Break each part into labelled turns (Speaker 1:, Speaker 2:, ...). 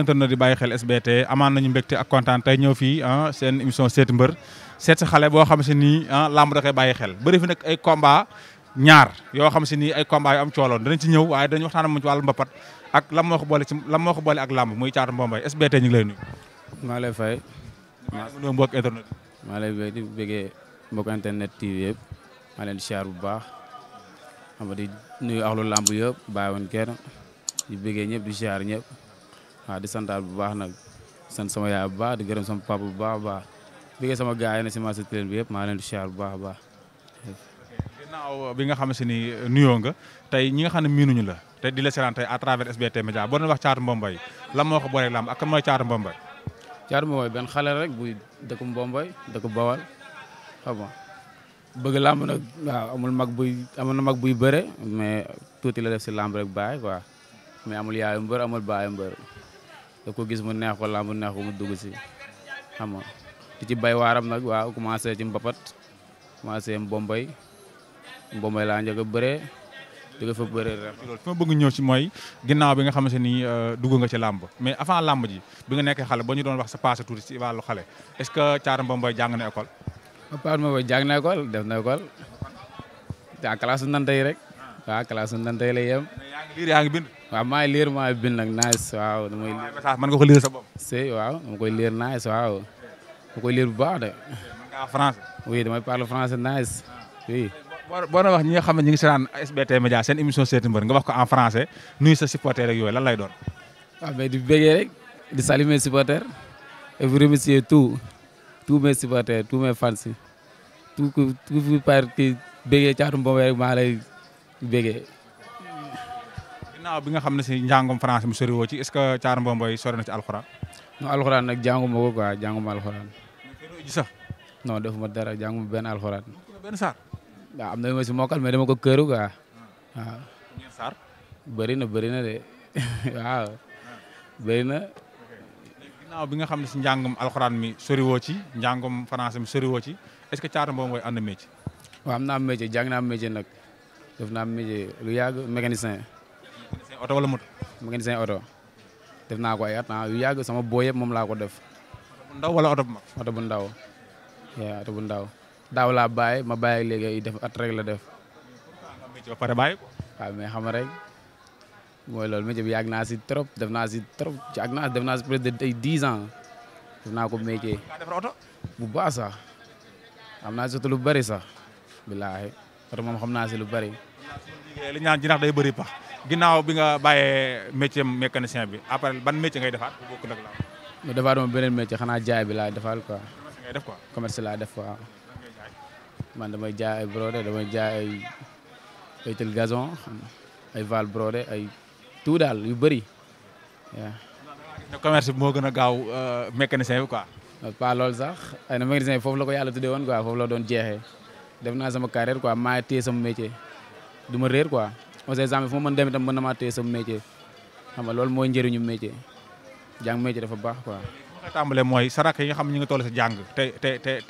Speaker 1: internet di bàyyi xel SBT amaan nañu mbégte ak kontaan tey ñëw fii ah seen émission seeti mbër seet si xale boo xam si ni ah làmb da koy xel bëri fi nag ay combat ñaar yoo xam si ni ay combat yu am cooloon danañ ci ñëw waaye dañu waxtaan moom ci wàllu mbapat ak lan moo moo ko boole ak làmb muy caatu Mbombay SBT ñu ngi lay nuyu. maa lay fay. maa ngi mbokk internet
Speaker 2: maa lay béy di bëggee mbokk internet TV yëpp maa leen di siyaar bu baax xam nga di nuyu axlu làmb yëpp bàyyi woon kenn di bëggee ñëpp di siyaar ñëpp waaw di santaal bu baax nag sant sama yaay bu baax di gërëm sama papa bu baax baax bi sama gars yi ne si marché Tilène bi yëpp ma leen di siyaar bu baax a baax.
Speaker 1: ginnaaw bi nga xam si ni nuyoo nga tey ñi nga xam ne miinuñu la te di la seetaan tey à travers SBT Média boo doon wax Thiatou Mbombay lan moo ko booleeg lamb ak kan mooy Thiatou Mbombay. Thiatou Mbombay benn xale rek
Speaker 2: buy dëkk Mbombay dëkk Bawal xam bëgg làmb nag waaw amul mag buy amul mag buy bëre mais tuuti la def si làmb rek bàyyi quoi mais amul yaayu da ko gis mu neex ko làmb mu neex ko mu dugg si xam nga di ci bay waaram nag waaw commencé ci mbapat commencé mbombay mbombay laa njëkk a bëree jóge fa bëree
Speaker 1: fi ma bëgg ñëw si mooy ginnaaw bi nga xamante ni euh, dugg nga ci làmb mais avant làmb ji bi nga nekkee xale ba ñu doon wax sa passé tuuti si wàllu xale
Speaker 2: est-ce que Thiatou jàng na école. papa Mbombay jàng def na école. waaw classe su nantay rek waaw classe su nantay lay yem. liir yaa ngi bind. waaw maa ngi liir maa ngi bind nag nice waaw. damay liir ah, message mën nga ko liir sa bopp. si waaw dama koy liir nice waaw. dama koy liir bu baax de. mën ngaa français. oui damay parler français nice oui.
Speaker 1: boo doon wax ñi nga xam ne ñu ngi seetaan SBT Média seen émission seeti mbër nga wax ko en français nuyu sa supporter rek yooyu lan
Speaker 2: lay doon. waaw ah, mais di bëggee rek di saluer mes supporters et vous remercier tout tous mes supporters tous mes fans tout tout tout parti bëggee caatu Mbombay rek maa lay bëggee. ginnaaw bi nga xam ne si njàngum
Speaker 1: français mu sori woo est-ce que Thiarou Mboy Mboy sori na ci alxuraan. non alxuraan nag jànguma ko quoi jànguma alxuraan.
Speaker 2: dara jànguma benn alxuraan. benn saar. am na ma si ah. na bëri
Speaker 1: bi nga xam ne si njàngum alxuraan mi sori
Speaker 2: ci njàngum français mi sori ci est-ce que nag def naa métier lu yàgg mécanicien. oto wala moto. mécanicien oto def naa ko ay at ah, yu yàgg sama boo moom laa ko def. oto bu ndaw wala oto bu bu ndaw bu ndaw daaw laa bàyyi ma bàyyi léegi ay def at rek la def. ba pare bàyyi mais xam rek mooy loolu métier bi yàgg naa si trop def naa si trop yàgg naa def naa si près de ay ans def naa ko métier. defar oto. bu baax sax am naa lu bari sax. bilaahi oto moom xam naa si lu bari li ñu naan jinax day bëri pax. ginnaaw bi nga bàyyee métier
Speaker 1: mécanicien bi après ban métier ngay defaat bu bokkul ak
Speaker 2: laaw. defaat ma beneen métier xanaa jaay bi laay defaat quoi. commerce ngay def quoi. commerce laa def quoi. man damay jaay ay damay jaay ay ay tel gazon ay val ay tout daal yu bëri waaw. ne commerce bi moo gën a gaaw euh, mécanicien bi quoi. pas loolu sax ay na mécanicien bi foofu la ko yàlla tuddee woon quoi foofu la doon jeexe def naa sama carrière quoi maa téye sama métier du ma réer quoi. Ousseyn Samb fu ma mën dem itam mën na maa téye sama métier xam nga loolu mooy njëriñu métier jàng métier dafa baax quoi. nga tàmbalee yi nga xam ne ñu ngi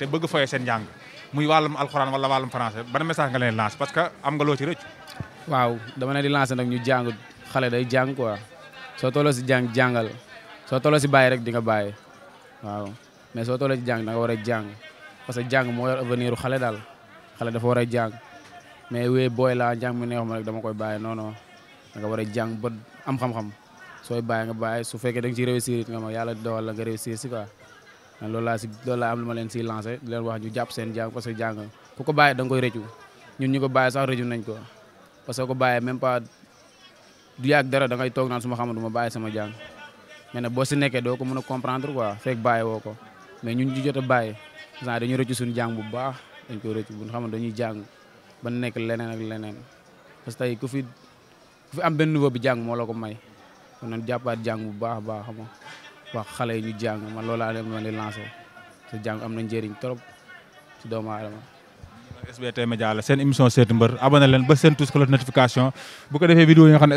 Speaker 1: toll muy wàllum alxuraan wala wàllum français ban message nga leen lancé
Speaker 2: parce que am nga loo ci rëcc. waaw dama ne di lancé nag ñu jàng xale day jàng quoi soo tolloo si jàng jàngal soo tolloo si bàyyi rek di nga bàyyi waaw mais soo tolloo si jàng da nga war a jàng parce que jàng moo yor avenir xale daal xale dafa a mais wéy booy laa jàng mi neexuma rek dama koy bàyyi non non da nga war a jàng ba am xam-xam sooy bàyyi nga bàyyi su fekkee da nga ciy réussir it nga ma yàlla doxal la nga réussir si quoi loolu laa laa am ma leen siy lancé di leen wax ñu jàpp seen jàng parce que jàng ku ko bàyyi da nga koy rëccu ñun ñu ko bàyyi sax rëccu nañ ko parce que ko bàyyi même pas du yàgg dara da ngay toog naan su ma xamul ma baay sama jàng mais nag boo si nekkee doo ko mën a comprendre quoi fekk bàyyi woo ko mais ñun ñu jot a bàyyi genre dañu rëccu suñu jàng bu baax dañ koy rëccu bu ñu xamul dañuy jàng ba nekk leneen ak leneen parce que tey ku fi am benn niveau bi jàng moo la ko may kon nag jàppaat jàng bu baax a baax ma nga wax xale yi ñu jàng ma loolaa leen ma di lancé te jàng am na njëriñ trop ci doomu aadama
Speaker 1: SBT Média la seen émission seetu mbër abonné leen ba seen tous cloche notification bu ko defee vidéo ngi ah, xam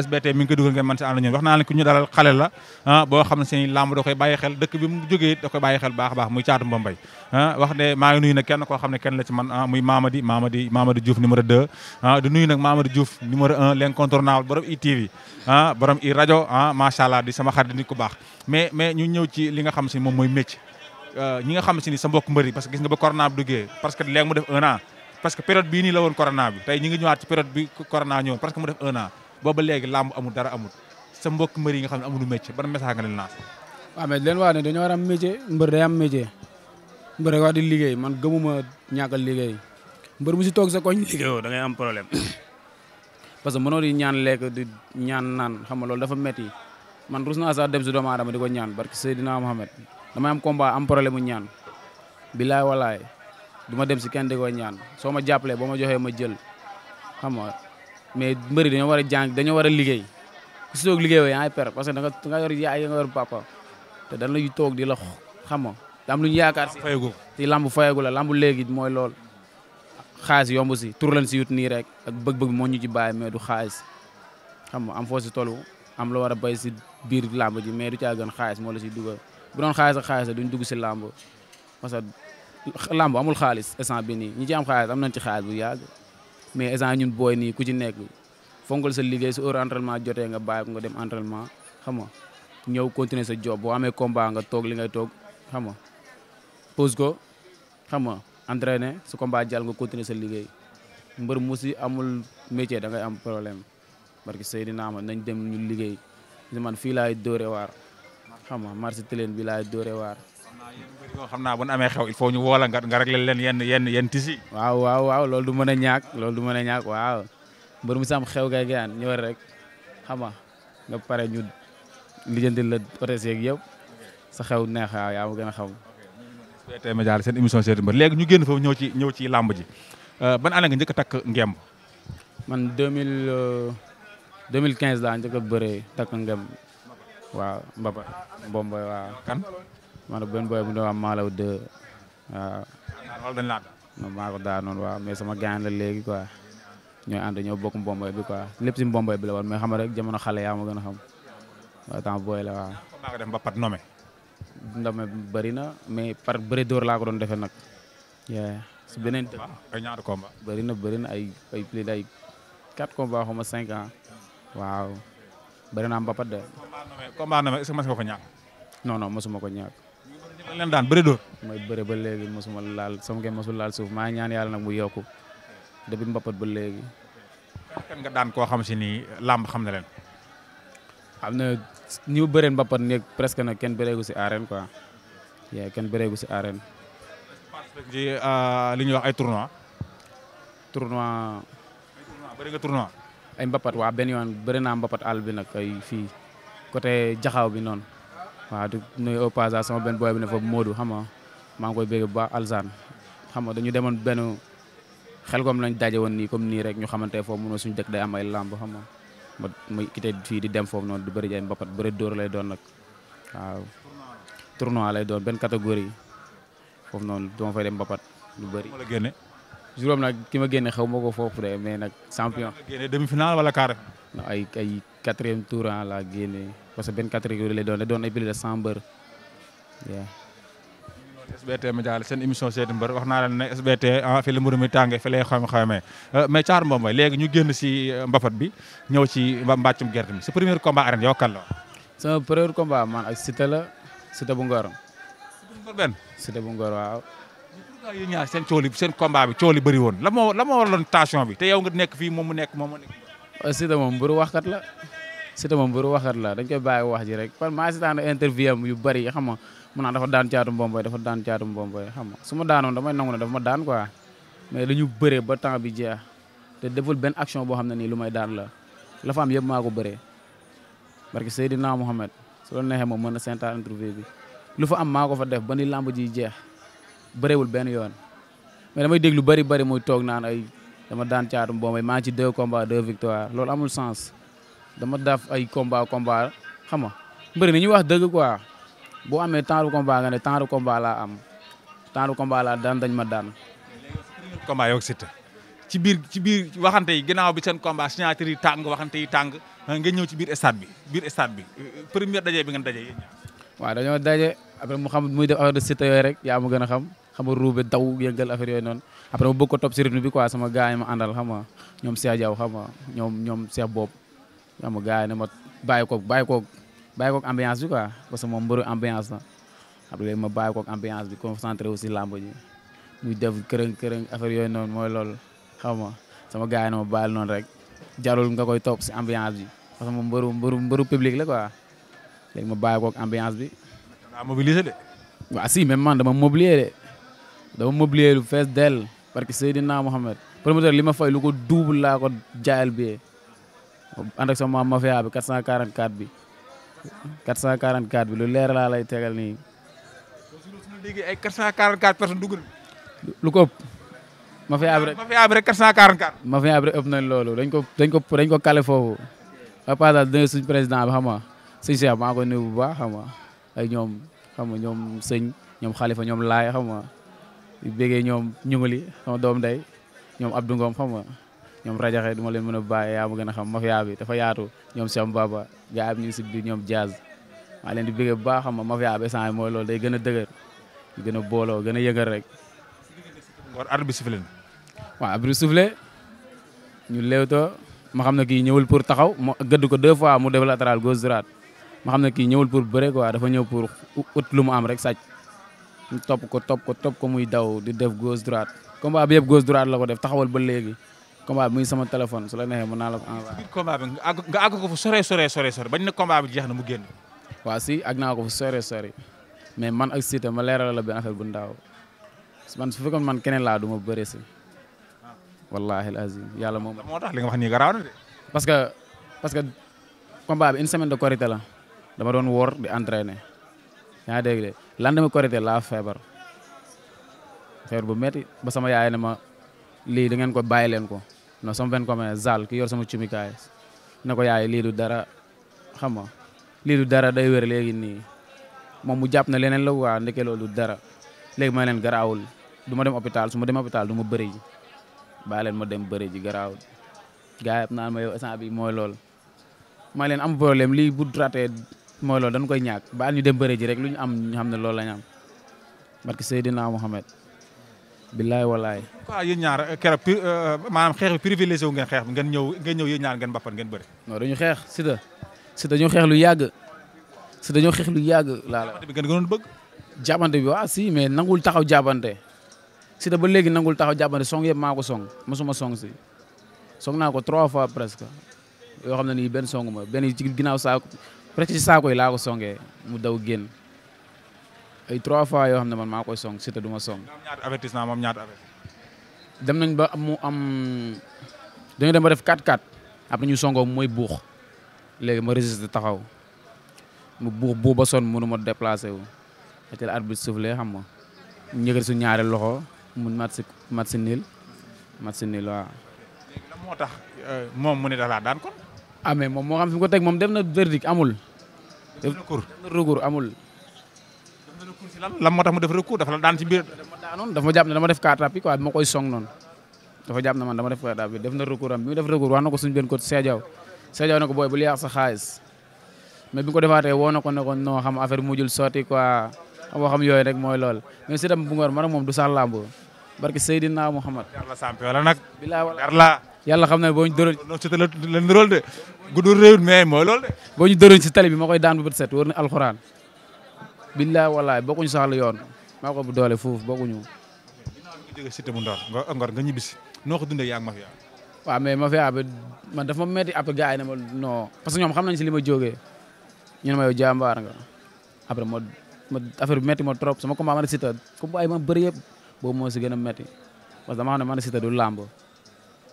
Speaker 1: a si ni sa mbokk mbëri parce que gis nga ba corona duggee parce que léegi mu def un parce que période bii nii la woon corona bi tey ñu ngi ñëwaat ci période bi corona ñëwoon parce que mu def un an booba léegi làmb amul dara amul sa mbokk mbër
Speaker 2: yi nga xam ne amuñu métier ban message nga leen lancé waaw mais leen wax ne dañoo war am métier mbër day am métier mbër wax di liggéey man gëmuma ñàkkal liggéey mbër bu si toog sa koñ liggéeyoo da am problème parce que mënoo di ñaan lekk di ñaan naan xam nga loolu dafa metti man rus naa sax dem si doomu aadama di ko ñaan barke Seydina Mohamed damay am combat am problème mu ñaan bilaay walaay du ma dem si kenn di ko ñaan soo ma jàppalee boo ma joxee ma jël xam nga mais mbëri dañoo war a jàng dañoo war a liggéey si toog liggéey yaa ngi per parce que da nga da nga yor yaay nga yor papa te dañ lay toog di la xam nga am lu ñu yaakaar si si lamb fayagu la lamb léegi mooy lool xaalis yomb si tur lañ si yut nii rek ak bëgg-bëgg moo ñu ci bàyyi mais du xaalis xam am foo si tollu am la war a bay si biir lamb ji mais du caa gën xaalis moo si dugal bu doon xaalis ak xaalis dugg si lamb lamb amul xaalis instant bi nii ñu ci am xaalis am nañ ci xaalis bu yàgg mais instant ñun booy nii ku ci nekk fongal sa liggéey si heure entraînement jotee nga bàyyi ko nga dem entraînement xam nga ñëw continuer sa job boo amee combat nga toog li ngay toog xam nga pose ko xam nga entraîner su combat jàll nga continuer sa liggéey mbër mu si amul métier dangay am problème parce que Seydina ma nañ dem ñu liggéey man fii laay dóore waar xam nga marché tëleen bi laay dóore waar yoo xam naa bu ñu amee xew il faut ñu woola nga nga réglé leen yenn yenn yenn tisi waaw waaw waaw loolu du mën a ñaak lool du mën a ñaak waaw mbër mu sam xew gay gaan ñëwal rek xam nga nga pare ñu lijjanti la otes yeeg yëpp sa xew neex waaw yaa ma gën a xam
Speaker 1: SBT Média seen émission seeti ñu génn foofu ñëw ci ñëw ci làmb ji euh, ban année nga njëkk a takk ngemb
Speaker 2: man 2000 2015 euh, laa njëkk a bëree takk ngemb waaw mbaba mbomboy waaw kan man benn booy bu ñu am maalaw deux waaw. wala dañ laa non waaw mais sama gaan la léegi quoi ñooy ànd ñoo bokk mbomboy bi quoi lépp si mbomboy bi la woon mais xam rek jamono xale yaa ma gën a xam waaw temps booy na mais par bëri dóor laa ko doon defee nag. si beneen dëkk ay ñaari combat na bëri na ay ay plus ay quatre combats xaw ma cinq ans ah. waaw bëri mbapat de. combat nome combat nome ko ñàkk.
Speaker 1: lan leen daan bëri dóor.
Speaker 2: mooy bëri ba léegi mosuma laal sama ngeen mosul laal suuf maa ñaan yàlla nag mu yokku depuis mbapat ba léegi. kan nga daan koo xam si ni làmb xam na leen. am na ñu bëreen mbapat nekk presque na kenn bëreegu si arène quoi yaa kenn bëreegu si arène. ci euh, li wax ay tournoi. tournoi. bëri nga tournoi. ay mbapat waa benn yoon bëri naa mbapat àll bi nag ay fii côté jaxaw bi noonu. waaw di nuyu au passage sama benn boy bi ne fa Modou xam nga koy bégg bu alsaan xam dañu demoon benn xel comme lañ daje woon nii comme nii rek ñu xamante foofu mënoo suñu dëkk day am ay làmb xam nga ma ma quitté fii di dem foofu noonu di bëri jaay mbapat bëri dóor lay doon nag waaw tournoi lay doon benn catégorie foofu noonu dama fay dem mbapat lu bëri. ma la génne. juróom nag ki ma génne xaw ma ko foofu de mais nag champion. génne demi finale wala quart. ay ay quatrième tour ah, la génne. parce que benn catégorie lay doon lay doon ay plus de 100 mbër waaw.
Speaker 1: SBT Média seen émission seeti mbër wax naa leen ne SBT ah fi la mburu mi tàngee fi lay xam xamee euh, mais Thiatou Mbaye léegi ñu génn si euh, mbafat bi ñëw ci mbàccum gerte mi si premier combat arène yow kan la.
Speaker 2: sama premier combat man ak Siteu la Siteu bu Ngor. Siteu seen cooli
Speaker 1: seen combat bi cooli bëri woon la moo
Speaker 2: la moo tension bi te yow nga
Speaker 1: nekk fii moom mu nekk moom mu nekk.
Speaker 2: Siteu moom mburu waxkat la. Siteu moom buru waxat la dañ koy bàyyi wax ji rek par maa sitaan interview am yu bëri xam nga mu naan dafa daan caatu mbomboy dafa daan caatu mbomboy xam nga su ma daanoon damay nangu ne dafa ma daan quoi mais dañu bëree ba temps bi jeex te deful benn action boo xam ne nii lu may daan la la fa am yëpp maa ko bëree parce que Seydina Mohamed su la neexee moom mën na seentaan interview bi lu fa am maa ko fa def ba ni làmb ji jeex bëreewul benn yoon mais damay dégg lu bëri bëri muy toog naan ay dama daan caatu mbomboy maa ngi ci deux combats deux victoires loolu amul sens dama daf ay combat combat xam nga mbëri ñuy wax dëgg quoi boo amee temps de combat nga ne temps de combat am temps de combat daan dañ ma daan.
Speaker 1: combat yow Siteu ci biir ci biir waxante yi ginnaaw bi seen combat signature yi tàng waxante yi tàng ah, nga ñëw ci biir stade bi biir stade bi euh, première daje bi ngeen daje yéen
Speaker 2: dañoo daje après mu xam muy def affaire de yooyu rek yaa ma gën a xam xam nga ruube daw yëngal affaire yooyu noonu après mu bëgg ko topp si rythme bi quoi sama gars yi ma àndal xam nga ñoom Cheikh Diaw xam nga ñoom ñoom Cheikh bop xam nga gars yi ne ma bàyyi koog bàyyi koog bàyyi ambiance bi quoi parce que moom mbëru ambiance la après ma bàyyi koog ambiance bi concentré aussi làmb ji muy def kërëng kërëng affaire yooyu noon mooy lool xam nga sama gars yi ne ma bàyyil noonu rek jarul nga koy topp si ambiance bi parce que moom mbëru mbëru mbëru public la quoi léegi ma bàyyi koog ambiance bi. daa mobilisé de. waaw si même man dama de dama mobilier lu fees dell parce que Seydina Mohamed promoteur li fay lu ko double laa ko jaayal bi ànd ak sama mafia bi 444 bi 444 bi lu leer laa lay tegal nii.
Speaker 1: suñu déggee ay 444
Speaker 2: personnes dugg lu ko ëpp. mafia bi rek mafia bi rek 444. mafia bi rek ëpp nañ loolu dañ ko dañ ko dañ ko kale foofu. à part suñ président bi xam nga sëñ Cheikh maa ngi ko bu baax xam nga ay ñoom xam ñoom sëñ ñoom xalifa ñoom laay xam nga yu ñoom ñunguli sama doom day ñoom Abdou Ngom ñoom rajaxe duma leen mën a bàyyi yaa ma gën a xam mafia bi dafa yaatu ñoom Sam Baba gaa ñu ngi si ñoom jazz maa leen di bëggee bu baax xam nga mafia bi instant mooy loolu day gën a dëgër gën a booloo gën a yëngal rek. war arbitre bi sifflé na. waaw ñu léewtoo ma xam ne kii ñëwul pour taxaw ma gëdd ko deux fois mu def latéral gauche droite ma xam ne kii ñëwul pour bëre quoi dafa ñëw pour ut lu mu am rek sàcc mu topp ko topp ko topp ko muy daw di def gauche droite combat bi yëpp gauche droite la ko def taxawal ba léegi. combat bi muy sama téléphone su la neexee mën naa la ko envoyé. biir bi nga àgg ko fu sore sore sore sore bañ ne combat bi jeex mu génn. waaw si ko fu sore sore mais man ak Siteu ma leeral la benn affaire bu ndaw man su fekkoon man keneen laa du ma bëre si. wallaahi al azim yàlla moom. moo tax li nga wax nii garaaw na de. parce que parce que bi une semaine de korité la dama doon woor di entraîner yaa ngi dégg de lendemain korité la feebar feebar bu metti ba sama yaay lii da ngeen ko bàyyi leen ko non sama benn commune zal ki yor sama cumikaay na ko yaay lii lu dara xam nga lii du dara day wér léegi nii moom mu jàpp na leneen la waa dara léegi ma leen garaawul du ma dem hôpital su ma dem hôpital du ma bëri ji dem bëri ji garaawul gars yi bi mooy loolu leen am problème lii bu ratee mooy loolu dañ koy ñàkk ba ñu dem bëri ji rek lu ñu am ñu xam ne loolu la ñu am barke Seydina Mohamed billaay walaay. waaw yéen ñaar euh, keroog euh, maanaam xeex bi privilégié wu ngeen xeex bi ngeen ñëw ngeen ñëw yéen ñaar ngeen bappat ngeen bëri. non dañu xeex Siteu Siteu dañoo xeex lu yàgg Siteu dañoo xeex lu yàgg laa la. ngeen gënoon bëgg. jàppante bi waaw si mais nangul taxaw jàppante Siteu ba léegi nangul taxaw jàppante song yëpp maa song mosuma song si song naa ko trois fois presque yoo xam ne nii benn song ma benn ci ginnaaw saako presque ci saako yi laa ko songee mu daw génn. ay trois fois yoo xam ne man maa koy song Siteu du song. ñaata avertissement dem nañ ba mu am dañu dem def 4-4 après ñu songoo mooy buux léegi ma résister taxaw mu buux buux ba son mënu ma déplacé wu. te arbitre soufflé xam nga ñu yëkkati su loxo mu mat si mat niil mat si niil waaw. moo
Speaker 1: tax euh, moom mu ne dafa daan
Speaker 2: kon. ah moom moo xam fi mu ko teg moom def na verdict amul. lan lan moo tax mu def dafa la daan ci biir. dama daanoon dafa jàpp ne dama def quatre appuis quoi bi koy song dafa jàpp ne def quatre appuis am bi def recours wax na ko suñu benn côté Sadiaw ne ko booy bu yàq sa xaalis mais ko defaatee woo na ko ne ko non xam affaire bi mujjul sotti quoi boo xam yooyu rek mooy lool mais si moom du sax làmb barke Seydina Muhammad. yàlla sampi wala nag. bilaa na boo ñu dóoroon. non c'était boo ñu dóoroon si tali bi koy daan bu bët set wër na alxuraan billaay walaay bokkuñu sax la yoon maa ko bu doole foofu bokkuñu. ginnaaw bu Ndar nga Ngor nga ñibbisi noo ko dundee yaa ngi mafia. waaw mais mafia bi man dafa ma metti après gars yi ne parce que ñoom xam na si li ma jógee ñu ne ma yow jàmbaar nga après ma ma affaire metti ma trop sama combat man cité comme ay ma bëri yëpp boobu moo si gën a metti parce que dama xam du làmb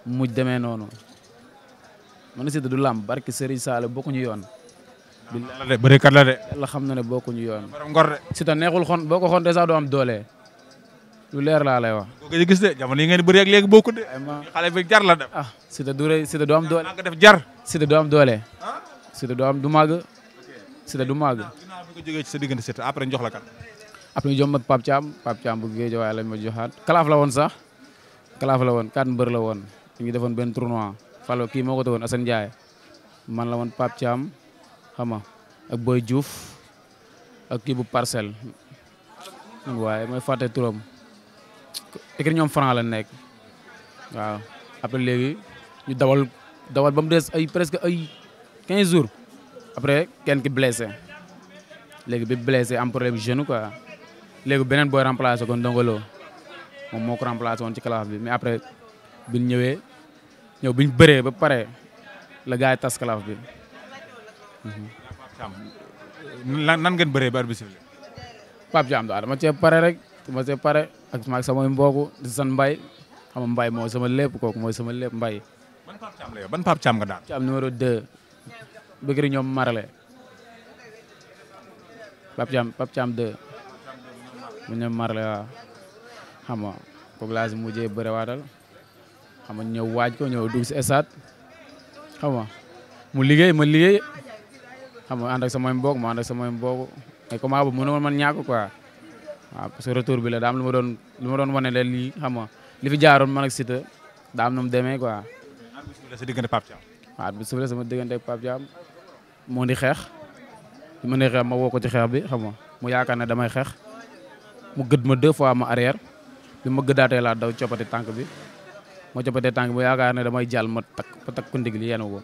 Speaker 2: mujj demee noonu man cité du làmb barki Serigne Sall bokkuñu yoon. billaay la de bërikat la de. yàlla xam na ne bokkuñu yoon. borom ngor de. si neexul xon boo ko xontee sax doo am doole. lu leer laa lay wax. boo ko gis de jamono yi ngeen bëree bëri ak léegi de. xale bi jar la ah, du doo am doole. maa def jar. si am doole. Ah? si ta du màgg. si ta du màgg. ginnaaw bi ci sa diggante si ta après ñu jox la kan. après ñu jox ma Pape Thiam Pape Thiam bu géej waaye lañ ma joxaat. kalaaf la woon sax. kalaaf la woon quatre mbër la woon. ñu ngi defoon benn tournoi. falo kii moo ko tegoon Assane Ndiaye. man la woon Pape Thiam xama ak Boy Diouf ak kii bu parcelle waaye mooy fàtte turam écrit ñoom franc la nekk waaw après léegi ñu dawal dawal ba mu des ay presque ay 15 jours après kenn ki blessé léegi bi blessé am problème genou quoi léegi beneen booy remplacé ko ndongolo moom moo ko remplacé woon ci classe bi mais après biñ ñëwee ñëw biñ bëree ba pare la gars tas classe bi. lan nan ngeen bëree ba arbitre bi Pape Thiam daal dama cee pare rek dama cee pare ak maag samay mbokk di san mbay xam mbay mooy sama lépp kooku mooy sama le mbay. ban Pape Thiam la yow ban Pape Thiam nga daal. Thiam numéro 2. ñoom marale Pape Thiam Pape Thiam 2. mu ñoom marale waaw xam nga kooku laa bëre waatal xam nga ñëw waaj ko ñëw dugg si stade xam nga mu liggéey xam nga ànd ak samay mbokk ma ànd ak samay mbokk mais combat boobu mënu man ñàkk quoi waaw parce que retour bi la daam lu ma doon lu ma doon wane leen lii xam nga li fi jaaroon man ak Siteu daam nu demee quoi. sa diggante Pape Thiam. waaw bi suuf la sama diggante ak Pape moo di xeex bi ma nee ma woo ko ci xeex bi xam nga mu yaakaar ne damay xeex mu gëdd ma deux fois ma arrière bi ma gëddaatee laa daw coppati tànk bi ma coppatee tànk bi mu yaakaar ne damay jàll ma takk ma takk ko ndigli yenu ko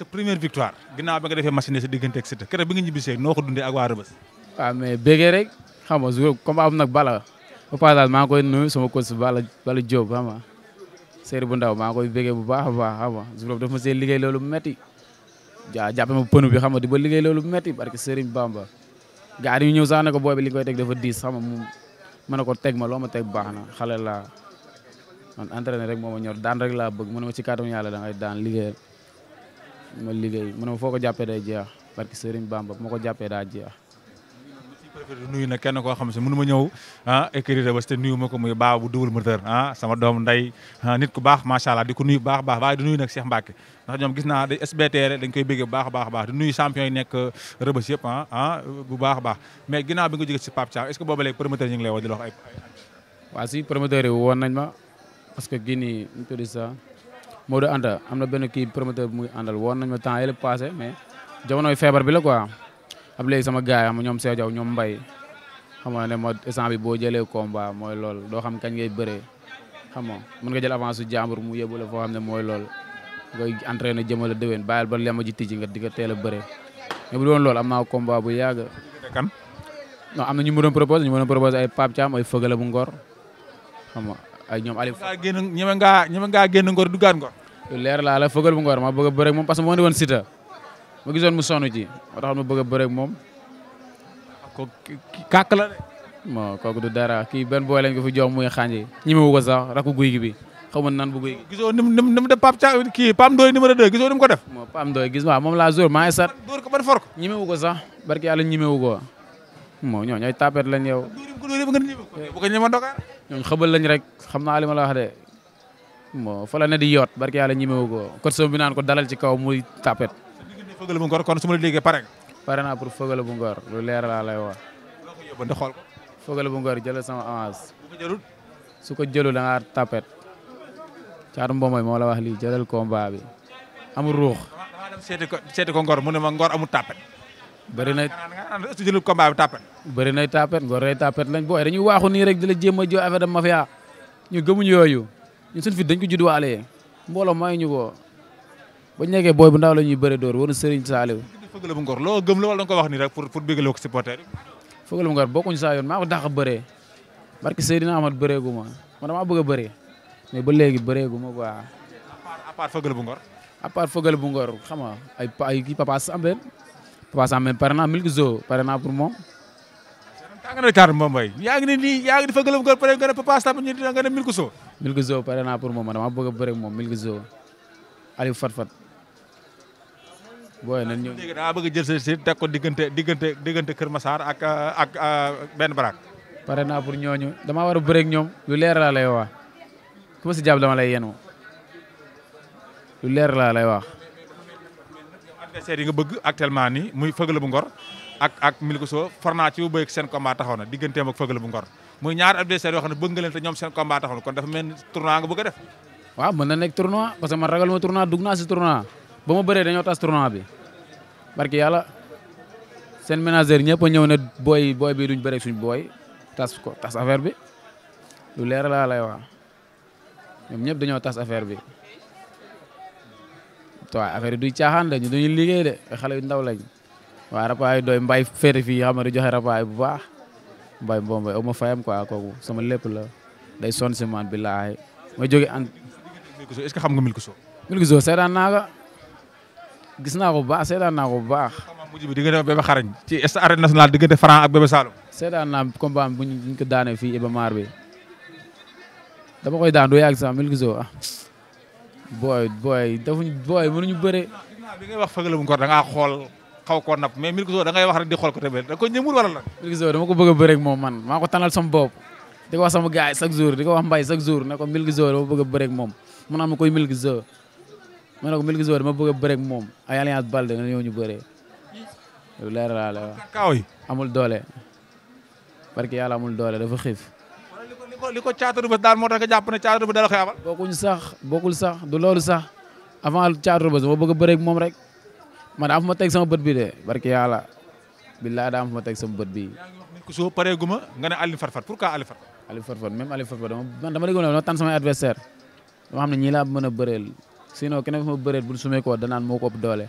Speaker 2: sa première victoire ginnaaw bi nga defee machine sa diggante ak Siteu keroog bi nga ñibbisee noo ko dundee ak waa Rëbës. waaw ah, mais bégee rek xam nga su comme am nag bala au passage maa ngi koy nuyu sama coach bala bala Diop xam nga séeri bu ndaw maa koy bégee bu baax a baax xam nga su dafa ma see liggéey loolu metti jaa jàppe ma bi xam nga di ba liggéey loolu metti parce que Serigne Bamba gaa yi ñu ñëw sax na ko booy li koy teg dafa diis xam nga mu mën na ko teg ma loo ma teg baax na xale la man entraîné rek moo ma ñor daan rek laa bëgg mu ne ma ci kàttan yàlla da daan liggéey ma liggéey mu ne ma foo ko jàppee day jeex parce que Bamba bu ko jàppee daa jeex.
Speaker 1: nuyu na kenn koo xam si mënu ma ñëw ah écrire ba te nuyu ma ko muy baa bu double moteur ah sama doom nday ah, nit baax macha allah di ko nuyu baax baax waaye di nuyu nag Cheikh ndax ñoom gis naa SBTR dañ koy bëggee bu baax baax baax di nuyu champion yi nekk uh, rëbës yëpp ah, ah bu baax
Speaker 2: baax mais ginnaaw bi nga jógee si Pape Thiam est ce que promoteur ñu waa si promoteur yi woon ma parce que gii nii ñu tudd Modou Anta am na benn kii promoteur bu muy àndal woon nañ ma temps bi la quoi ab léegi sama gars yi xam ñoom Seydou Diaw ñoom Mbaye xam nga ne ma instant bi boo mooy loolu doo xam kañ ngay bëree xam nga mën nga jël avance su mu yóbbu la foo xam ne mooy loolu nga entraîné jëmale déwén bàyyil ba lema ji tijji nga di nga teel a bëree mais bu doon loolu bu yàgg. kan. non am na ñu ma doon proposé ñu ma doon ay Pape Thiam ay Fëgala bu Ngor xam nga ay ñoom Aliou. ñeme ngaa génn ñeme ngaa génn Ngor. leer laa la fëgal bu ngoor ma bëgg a bëreeg parce que moo ne woon sita ma gisoon mu sonn ji moo ma bëgg a bëreeg moom. ko kàkk la de. bon du dara kii benn booy lañ ko fi jox muy xànji ñemewu ko sax rakku guy gi bi xaw ma nan bu guy gi. gisoo ni mu ni mu de Pape Thia kii Pam Ndoye numéro 2 gisoo ni mu ko def. moom Pam Ndoye gis nga moom laa jour maa ngi sat. dóor ko ban for ko. ñemewu ko sax barki yàlla ñemewu ko moom ñooñu ay tapet lañ yow.
Speaker 1: Eh.
Speaker 2: bu ko ñemoon rek xam naa li ma la wax moo fa di yoot barke yàlla ñemewu ko kot bi naan ko dalal ci kaw muy tapet. fëgale kon su ma la déggee pare. pare naa pour bu ngor lu leer laa lay wax. loo ko xool ko. fëgale bu ngor jëlal sama avance. bu jëlul. su ko jëlul da ngaa tapet. Caatu Mbomoy moo la wax lii jëlal combat bi amul ruux.
Speaker 1: seeti ko seeti ko ngor mu ne ma ngor amu tapet. bëri na su jëlul
Speaker 2: combat bi tapet. na tapet ngor rey tapet lañ booy dañuy waaxu nii rek di la jéem a joo affaire mafia ñu gëmuñ yooyu. ñun suñu fit dañ ko juddwaale mbooloo may ñu ko bañ nekkee booy bu ndaw la ñuy bëre door war na Serigne Saliou fëgale bu ngor loo gëm la wala da ko wax ni rek pour pour bégaloo ko supporter fëgale bu ngor bokkuñ saa yoon maa ko dàq bëree barki Seydina Amad bëreegu ma man damaa bëgg a bëree mais ba léegi bëreegu ma quoi à part fëgale bu ngor à part fëgale bu ngor xam nga ay ay papa Sambène papa Sambène pare naa milk zoo pare naa pour moom tànga na tar mbambay
Speaker 1: yaa ngi ne nii yaa bu ngor pare nga ne papa Sambène ñu nga ne
Speaker 2: milk zoo Milkzo pare na pour moom man damaa bëgg a bëri moom Milkzo Aliou Fatfat booy nañ ñëw. dégg nga bëgg a jël sa si teg diggante diggante diggante Kër
Speaker 1: Massar ak ak benn baraak.
Speaker 2: pare na pour ñooñu damaa war a bëri ñoom lu leer laa lay wax ku ma si jàpp dama lay yenu lu leer laa lay wax.
Speaker 1: adversaire yi nga bëgg actuellement nii muy Feugeleu bu Ngor ak ak Milkzo far naa ci bu bëgg seen combat a na digganteem ak bu Ngor. muy ñaar adversaire yoo xam ne bëgg nga leen te ñoom seen combat taxul
Speaker 2: kon dafa mel ni tournoi nga bëgg a def waaw mën na nekk tournoi parce que ma tournoi dugg naa si tournoi ba ma bëree dañoo tas tournoi bi barki yàlla seen ménageur ñëpp ñëw ne booy booy bi duñ bëree suñ booy tas ko tas affaire bi lu leer laa lay wax ñoom ñëpp dañoo tas affaire bi waaw affaire yi duy caaxaan de ñu duñu liggéey de xale yu ndaw lañ waa rapaa yi doy mbay féete fii xam ne joxe rapaa bu baax mbay boo mbay aw ma fayam quoi kooku sama lépp la day sonn si man billaahi ma jóge an. est-ce que xam nga Milkzo. Milkzo seetaan naa ko gis naa ko bu baax seetaan naa ko bu baax. combat mujj bi diggante Bébé Xarañ ci arène nationale diggante Franc ak Bébé Saloum. seetaan naa combat bu ñu ko daanee fii Iba Mar bi dama koy daan du yàgg sax Milkzo ah. booy booy defuñ booy mënuñu
Speaker 1: bëre. xaw koo napp mais Milkzo da ngay wax rek di xool ko tamit da ko ñëmul
Speaker 2: wala la Milkzo dama ko bëgg a bëre ak moom man maa ko tanal sama bopp di ko wax chaque jour di ko wax chaque jour ne ko Milkzo a ma koy Milkzo ma ne ko Milkzo dama bëgg a bëre ak moom leer laa la amul doole parce que yàlla amul doole dafa xiif li ko caatu rëbës daal moo tax nga jàpp ne caatu rëbës dala koy abal bokkuñ sax bokkul sax du loolu sax avant caatu rëbës ma bëgg a bëre ak moom rek man daa fa ma teg sama bët bi de barki yàlla billaay daa fa ma teg sama bët bi ku soo paree gu nga ne Aliou Farfar pourquoi Aliou Farfar. Aliou Farfar même Aliou Farfar dama man dama déggoon dama tànn samay adversaire dama xam ne ñii laa a ma bëreel bu ñu sumee koo moo ko doole. ay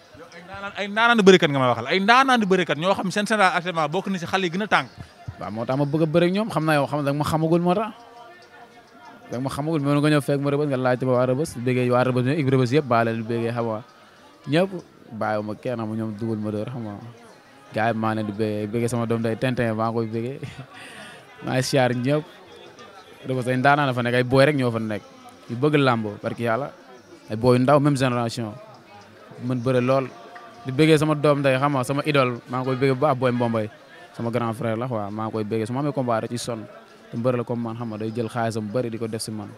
Speaker 2: ndaanaan ay ndaanaan bërekat nga may waxal
Speaker 1: ay ndaanaan bërekat ñoo xam seen général actuellement bokk na si xale yi gën a
Speaker 2: moo tax ma bëgg a ñoom xam naa yow xam da ma xamagul moo tax da ma xamagul mën nga ñëw bàyyi ma kenn mu ñoom dugal ma door xam nga gars yi maa di béggee sama doom day tintin maa koy béggee maa ngi siyaar ñëpp Rebeuss ay fa nekk ay booy rek ñoo fa nekk yu bëgg làmb parce que yàlla ay booy ndaw même génération mën bëre lool di béggee sama doom day xam nga sama idole maa ngi koy béggee bu baax booy sama grand frère la waaw maa koy béggee su ma amee ci sonn te la comme man xam nga day jël xaalisam bëri di def si man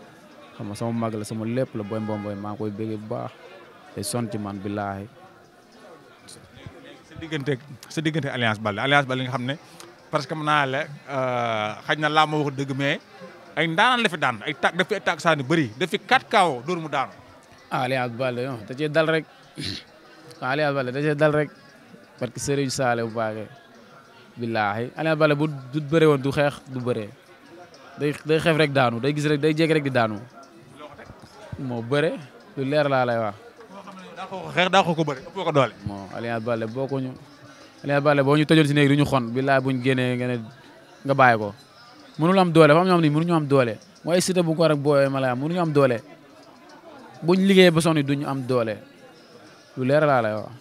Speaker 2: xam nga sama mag la sama lépp la booy Mbombay maa koy béggee bu baax te ci man billaahi diggante sa diggante alliance Baldé alliance Baldé nga xam ne
Speaker 1: parce que mën naa la euh, xaj na laa ma wax dëgg mais ay ndaanaan la fi daan ay
Speaker 2: tàkk dafi ay tàkk saa ni bëri dafi quatre kaw ah, oh, ah, alliance Baldé da cee dal rek parce que Serigne Saliou Mbacké billaahi alliance Baldé bu du bëree woon du xeex du bëree day day xeex rek daanu day gis rek daanu moo bëre lu leer laa lay wax. daa ko xeex ko ko bëri ko doole. bon Alliance Baldé boo ko ñu Alliance Baldé boo ñu tëjoon si néeg du ñu xon billaay bu ñu génnee nga ne nga bàyyi ko. mënul am doole dafa am ñoo xam ne am doole mooy Siteu bu ko rek booyee ma la mënuñu am doole buñ liggéeyee ba sonn duñu am doole lu leer laa lay wax.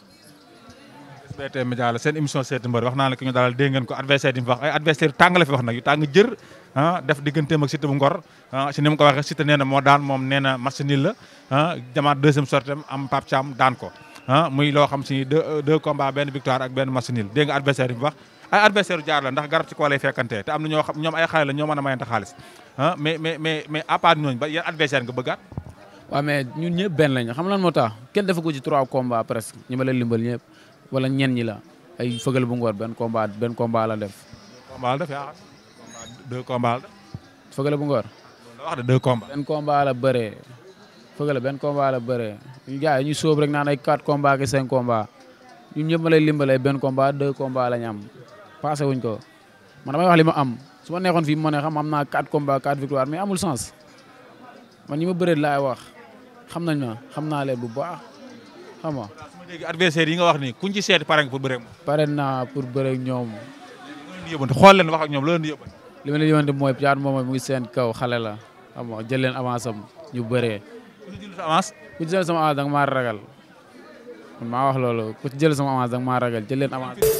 Speaker 2: SBT Média la seen émission seeti mbër wax la ki ko
Speaker 1: adversaire di mu wax ay adversaire tàng la fi wax yu tàng jër ah, def digganteem ak Siteu bu Ngor ah, si ni ko waxee Siteu nee moom nee na la ah jamaat deuxième am Pape Thiam daan ko ah, muy loo xam si deux deux benn victoire ak benn match nul dégg nga adversaire yi ay adversaire jaar la ndax garab ci koo lay te am ñoom ay xale la a mayante xaalis mais mais mais mais à
Speaker 2: part nga bëggaat wala ñen ñi la ay fëgal bu ngor benn combat benn combat la def. combat bu ngoor. loolu wax de deux combat. benn combat la bëree fëgal benn combat la bëree jaay ñu sóob rek naan ay quatre combat ak cinq combat ñun ñëpp ma lay benn combat deux combat la ñu am wuñ ko man damay wax li am su ma fi fii xam am naa quatre combat quatre victoire mais amul sens man ñi ma bëreet laay wax xam nañ ma xam naa leen bu baax. xam nga. sama adversaire yi nga wax ni kuñ ci seet pare nga pour bëre moom. pare naa pour bëre ñoom. li ma leen di yóbbante xool leen wax ak ñoom loolu leen di yóbbante. li ma leen di yóbbante mooy mu ngi seen kaw xale la xam nga jël leen avance ñu bëree. ku ci jël sama avance da maa ragal man maa wax loolu ku ci sama avance da maa ragal jël leen